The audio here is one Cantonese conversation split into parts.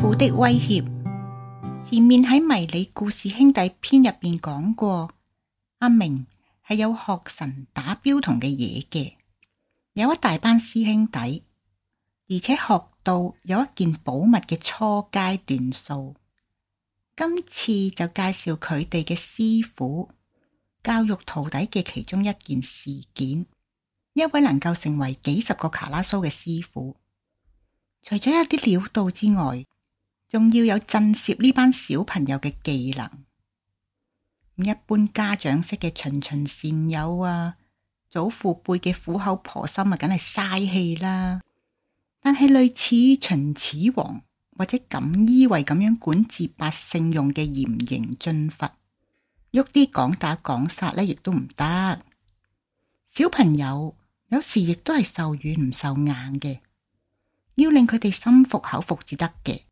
傅的威脅。前面喺迷你故事兄弟篇入邊講過，阿明係有學神打標童嘅嘢嘅，有一大班師兄弟，而且學到有一件保密嘅初階段數。今次就介紹佢哋嘅師傅教育徒弟嘅其中一件事件。一位能夠成為幾十個卡拉蘇嘅師傅，除咗一啲料到之外。仲要有震懾呢班小朋友嘅技能，一般家長式嘅循循善誘啊，祖父輩嘅苦口婆心啊，梗係嘥氣啦。但係類似秦始皇或者錦衣衛咁樣管治百姓用嘅嚴刑峻罰，喐啲講打講殺呢亦都唔得。小朋友有時亦都係受軟唔受硬嘅，要令佢哋心服口服至得嘅。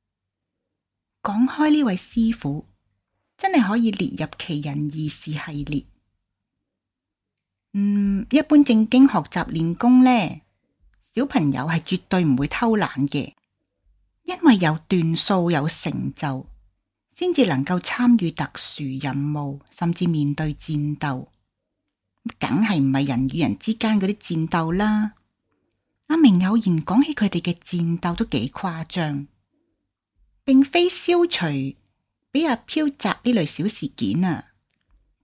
講開呢位師傅，真係可以列入奇人異事系列。嗯，一般正經學習練功呢，小朋友係絕對唔會偷懶嘅，因為有段數有成就，先至能夠參與特殊任務，甚至面對戰鬥。梗係唔係人與人之間嗰啲戰鬥啦。阿明偶然講起佢哋嘅戰鬥都幾誇張。並非消除俾阿飄砸呢類小事件啊！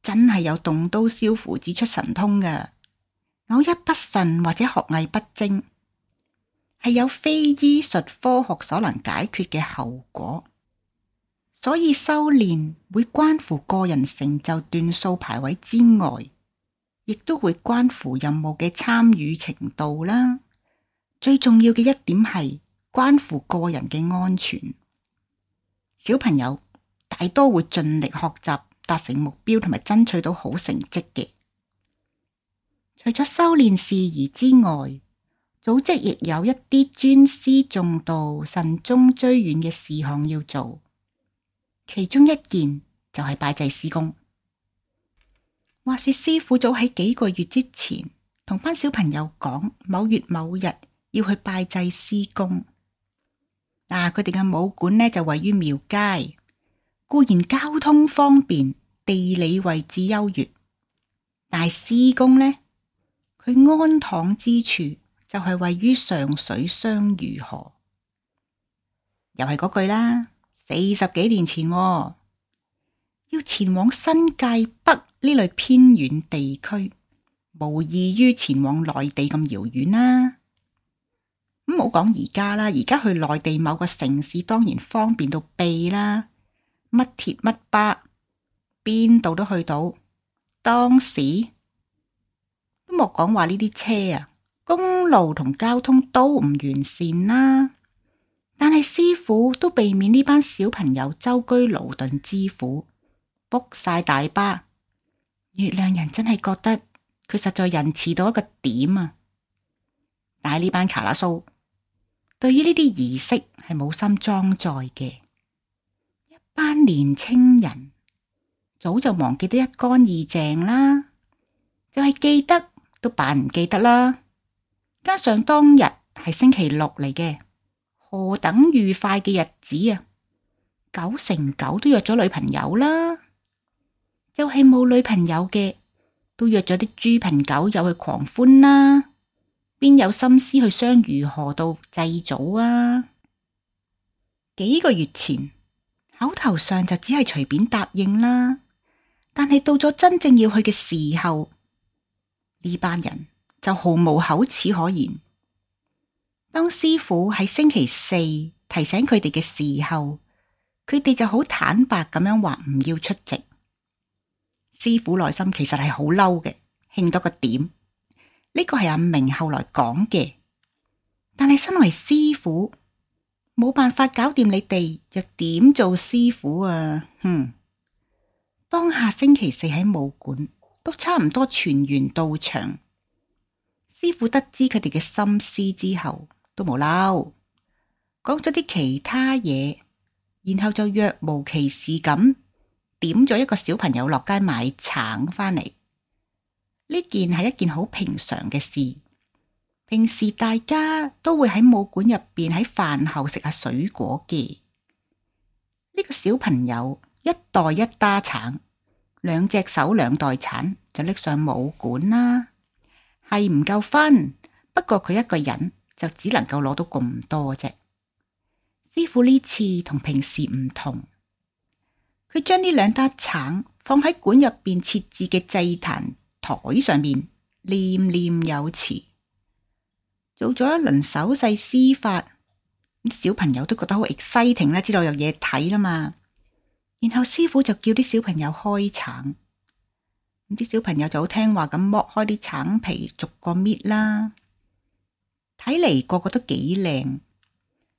真係有動刀燒符指出神通嘅，偶一不慎或者學藝不精，係有非醫術科學所能解決嘅後果。所以修煉會關乎個人成就段數排位之外，亦都會關乎任務嘅參與程度啦。最重要嘅一點係關乎個人嘅安全。小朋友大多會盡力學習，達成目標同埋爭取到好成績嘅。除咗修煉事宜之外，組織亦有一啲尊師重道、慎終追遠嘅事項要做。其中一件就係拜祭師公。話說師傅早喺幾個月之前同班小朋友講，某月某日要去拜祭師公。嗱，佢哋嘅武館呢，就位於廟街，固然交通方便，地理位置優越，但師公呢，佢安躺之處就係位於上水雙魚河，又係嗰句啦。四十幾年前啊，要前往新界北呢類偏遠地區，無異於前往內地咁遙遠啦。咁冇講而家啦，而家去內地某個城市，當然方便到痹啦，乜鐵乜巴，邊度都去到。當時都莫講話呢啲車啊，公路同交通都唔完善啦。但係師傅都避免呢班小朋友周居勞頓之苦，book 晒大巴。月亮人真係覺得佢實在仁慈到一個點啊！但係呢班卡拉蘇。對於呢啲儀式係冇心裝載嘅，一班年青人早就忘記得一乾二淨啦，就係記得都扮唔記得啦。加上當日係星期六嚟嘅，何等愉快嘅日子啊！九成九都約咗女朋友啦，又係冇女朋友嘅都約咗啲豬朋狗友去狂歡啦。邊有心思去相如何到祭祖啊？幾個月前，口頭上就只係隨便答應啦。但係到咗真正要去嘅時候，呢班人就毫無口齒可言。當師傅喺星期四提醒佢哋嘅時候，佢哋就好坦白咁樣話唔要出席。師傅內心其實係好嬲嘅，輕多個點。呢個係阿明後來講嘅，但係身為師傅，冇辦法搞掂你哋，又點做師傅啊？哼！當下星期四喺武館都差唔多全員到場，師傅得知佢哋嘅心思之後，都冇嬲，講咗啲其他嘢，然後就若無其事咁點咗一個小朋友落街買橙翻嚟。呢件係一件好平常嘅事，平時大家都會喺武館入邊喺飯後食下水果嘅。呢、這個小朋友一袋一打橙，兩隻手兩袋橙就拎上武館啦。係唔夠分，不過佢一個人就只能夠攞到咁多啫。師傅呢次同平時唔同，佢將呢兩打橙放喺館入邊設置嘅祭壇。台上面念念有詞，做咗一輪手勢施法，啲小朋友都覺得好 exciting 啦，知道有嘢睇啦嘛。然後師傅就叫啲小朋友開橙，咁啲小朋友就好聽話咁剝開啲橙皮，逐個搣啦。睇嚟個個都幾靚，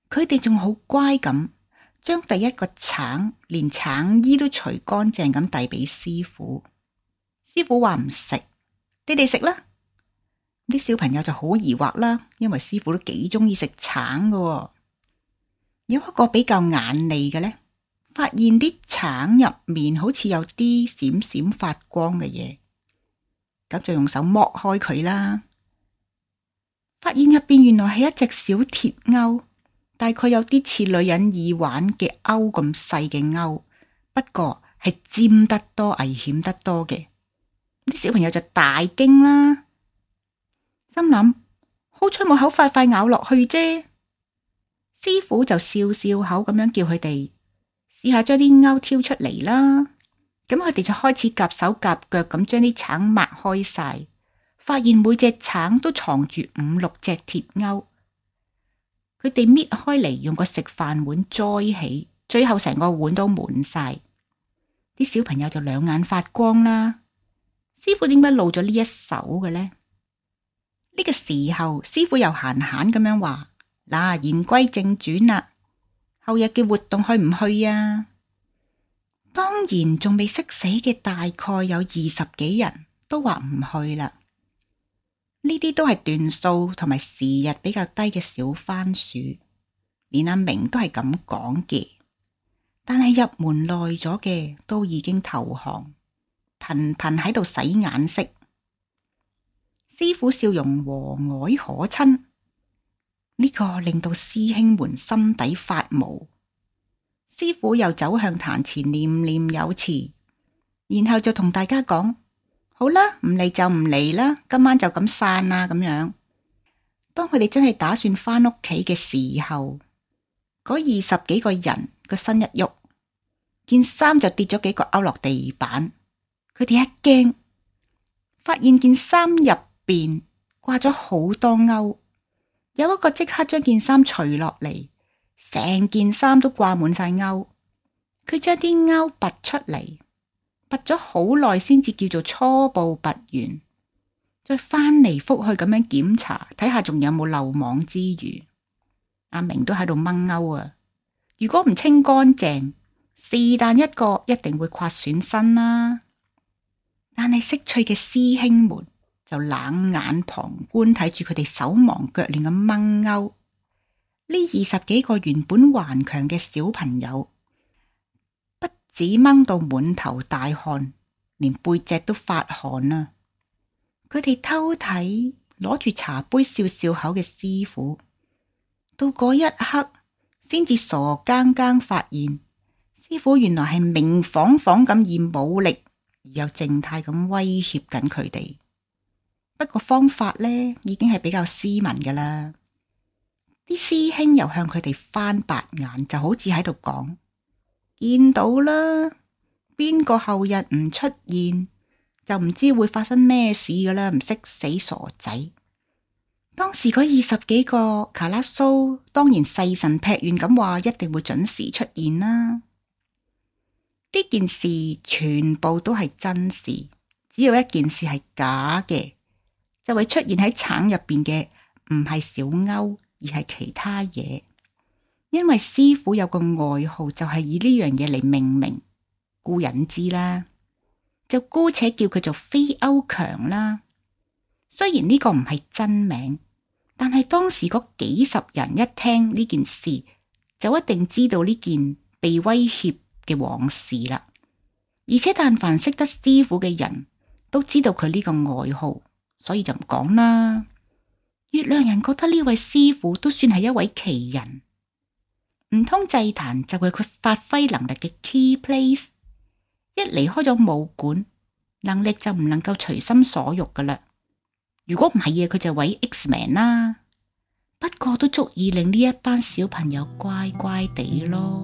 佢哋仲好乖咁，將第一個橙連橙衣都除乾淨咁遞俾師傅。師傅話唔食，你哋食啦。啲小朋友就好疑惑啦，因為師傅都幾中意食橙㗎喎。有一個比較眼利嘅呢，發現啲橙入面好似有啲閃閃發光嘅嘢，咁就用手剝開佢啦。發現入邊原來係一隻小鐵鈎，大概有啲似女人耳環嘅鈎咁細嘅鈎，不過係尖得多，危險得多嘅。啲小朋友就大驚啦，心諗好彩冇口快快咬落去啫。師傅就笑笑口咁樣叫佢哋試下將啲鈎挑出嚟啦。咁佢哋就開始夾手夾腳咁將啲橙擘開晒，發現每隻橙都藏住五六隻鐵鈎。佢哋搣開嚟用個食飯碗載起，最後成個碗都滿晒。啲小朋友就兩眼發光啦。師傅點解露咗呢一手嘅呢？呢個時候，師傅又閒閒咁樣話：嗱，言歸正傳啦，後日嘅活動去唔去啊？當然，仲未識死嘅大概有二十幾人都話唔去啦。呢啲都係段數同埋時日比較低嘅小番薯，連阿明都係咁講嘅。但係入門耐咗嘅都已經投降。頻頻喺度使眼色，師傅笑容和藹可親，呢個令到師兄們心底發毛。師傅又走向壇前，念念有詞，然後就同大家講：好啦，唔嚟就唔嚟啦，今晚就咁散啦。咁樣，當佢哋真係打算翻屋企嘅時候，嗰二十幾個人個身一喐，件衫就跌咗幾個勾落地板。佢哋一驚，發現件衫入邊掛咗好多勾。有一個即刻將件衫除落嚟，成件衫都掛滿晒勾。佢將啲勾拔出嚟，拔咗好耐先至叫做初步拔完，再翻嚟覆去咁樣檢查，睇下仲有冇漏網之魚。阿明都喺度掹勾啊！如果唔清乾淨，是但一個一定會刮損身啦、啊。但係識趣嘅師兄們就冷眼旁觀，睇住佢哋手忙腳亂咁掹勾。呢二十幾個原本頑強嘅小朋友，不止掹到滿頭大汗，連背脊都發汗啊。佢哋偷睇，攞住茶杯笑笑口嘅師傅，到嗰一刻先至傻更更發現，師傅原來係明晃晃咁以武力。又靜態咁威脅緊佢哋，不過方法呢已經係比較斯文噶啦。啲師兄又向佢哋翻白眼，就好似喺度講：見到啦，邊個後日唔出現，就唔知會發生咩事噶啦，唔識死傻仔。當時嗰二十幾個卡拉蘇當然誓神劈願咁話，一定會準時出現啦。呢件事全部都係真事，只有一件事係假嘅，就會出現喺橙入邊嘅唔係小歐，而係其他嘢。因為師傅有個外號，就係以呢樣嘢嚟命名，故隱之啦，就姑且叫佢做非歐強啦。雖然呢個唔係真名，但係當時嗰幾十人一聽呢件事，就一定知道呢件被威脅嘅往事啦，而且但凡識得師傅嘅人都知道佢呢個愛好，所以就唔講啦。月亮人覺得呢位師傅都算係一位奇人，唔通祭壇就係佢發揮能力嘅 key place。一離開咗武館，能力就唔能夠隨心所欲嘅啦。如果唔係嘢，佢就毀 x man 啦。不過都足以令呢一班小朋友乖乖地咯。